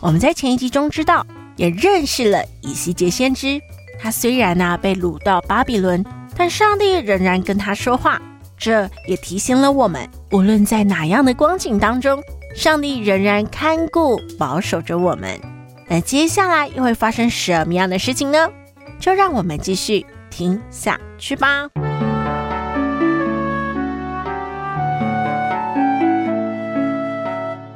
我們在前一集中知道，也認識了以西結先知。他雖然呢、啊、被擄到巴比倫，但上帝仍然跟他說話。這也提醒了我們，無論在哪樣的光景當中，上帝仍然看顧、保守着我們。那接下來又會發生什麼樣的事情呢？就讓我們繼續聽下去吧。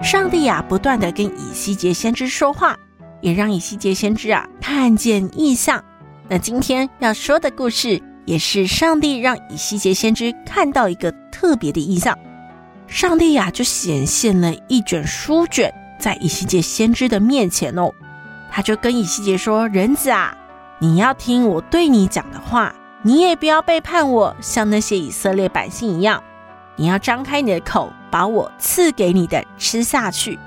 上帝啊，不斷地跟以西結先知說話，也讓以西結先知啊看見異象。那今天要說的故事，也是上帝讓以西結先知看到一個特別的異象。上帝呀、啊，就顯現了一卷書卷在以西結先知的面前哦。他就跟以西結說：“人子啊，你要聽我對你講的話，你也不要背叛我，像那些以色列百姓一樣。你要張開你的口。”把我賜給你的吃下去。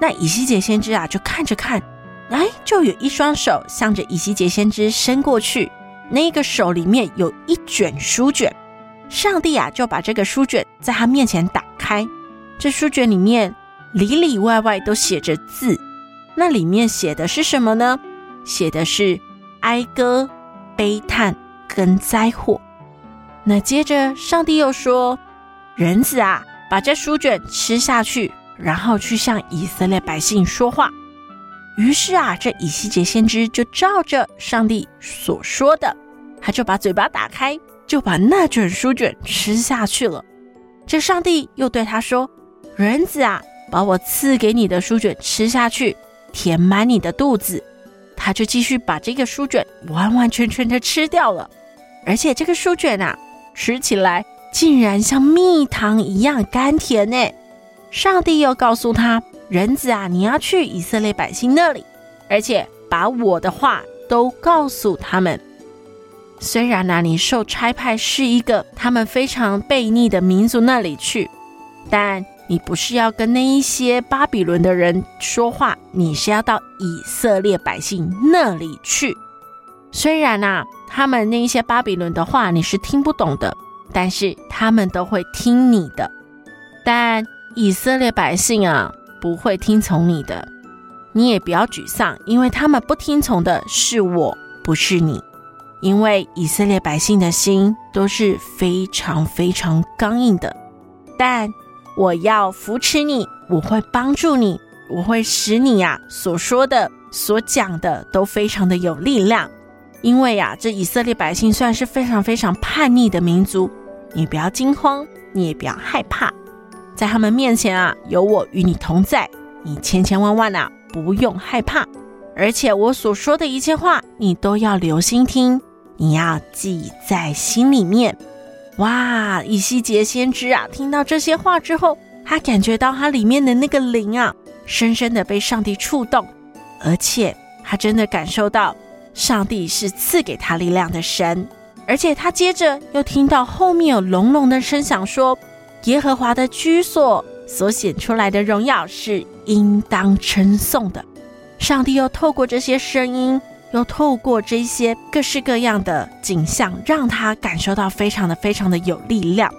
那以西結先知啊，就看着看，哎，就有一雙手向着以西結先知伸過去，那個手裡面有一卷書卷。上帝啊，就把這個書卷在他面前打開，這書卷裡面裡裡外外都寫着字。那裡面寫的是什麼呢？寫的是哀歌、悲嘆跟災禍。那接着上帝又說：“人子啊。”把這書卷吃下去，然後去向以色列百姓說話。於是啊，這以西結先知就照着上帝所說的，他就把嘴巴打開，就把那卷書卷吃下去了。這上帝又對他說：“人子啊，把我賜給你的書卷吃下去，填滿你的肚子。”他就繼續把這個書卷完完全全的吃掉了，而且這個書卷啊，吃起來，竟然像蜜糖一樣甘甜呢！上帝又告訴他：“人子啊，你要去以色列百姓那裡，而且把我的話都告訴他們。雖然呢、啊，你受差派是一個他們非常悖逆的民族那裡去，但你不是要跟那一些巴比倫的人說話，你是要到以色列百姓那裡去。雖然吶、啊，他們那一些巴比倫的話你是聽不懂的。”但是他們都會聽你的，但以色列百姓啊不會聽從你的，你也不要沮喪，因為他們不聽從的是我，不是你。因為以色列百姓的心都是非常非常剛硬的，但我要扶持你，我會幫助你，我會使你啊所說的、所講的都非常的有力量。因為呀、啊，這以色列百姓算是非常非常叛逆的民族，你不要驚慌，你也不要害怕，在他們面前啊，有我與你同在，你千千萬萬吶、啊，不用害怕。而且我所說的一切話，你都要留心聽，你要記在心裡面。哇，以西結先知啊，聽到這些話之後，他感覺到他裡面的那個靈啊，深深的被上帝觸動，而且他真的感受到。上帝是賜給他力量的神，而且他接着又聽到後面有隆隆的聲響，說：“耶和華的居所所顯出來的榮耀是應當稱頌的。”上帝又透過這些聲音，又透過這些各式各樣的景象，讓他感受到非常的、非常的有力量。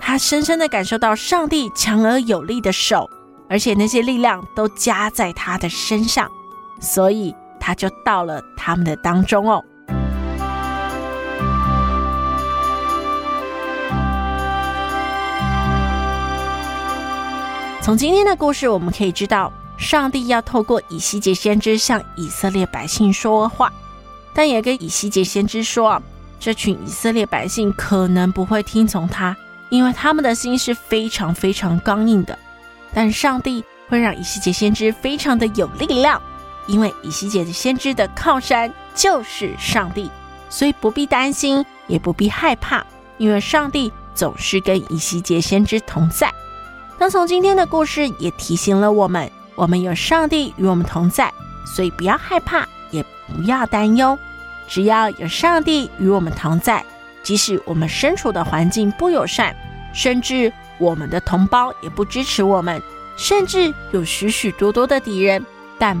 他深深的感受到上帝強而有力的手，而且那些力量都加在他的身上，所以。他就到了他們的當中哦。從今天的故事，我們可以知道，上帝要透過以西結先知向以色列百姓說話，但也跟以西結先知說，這群以色列百姓可能不會聽從他，因為他們的心是非常非常剛硬的。但上帝會讓以西結先知非常的有力量。因為以西結的先知的靠山就是上帝，所以不必擔心，也不必害怕，因為上帝總是跟以西結先知同在。剛從今天的故事也提醒了我們，我們有上帝與我們同在，所以不要害怕，也不要擔憂。只要有上帝與我們同在，即使我們身處的環境不友善，甚至我們的同胞也不支持我們，甚至有許許多多的敵人，但。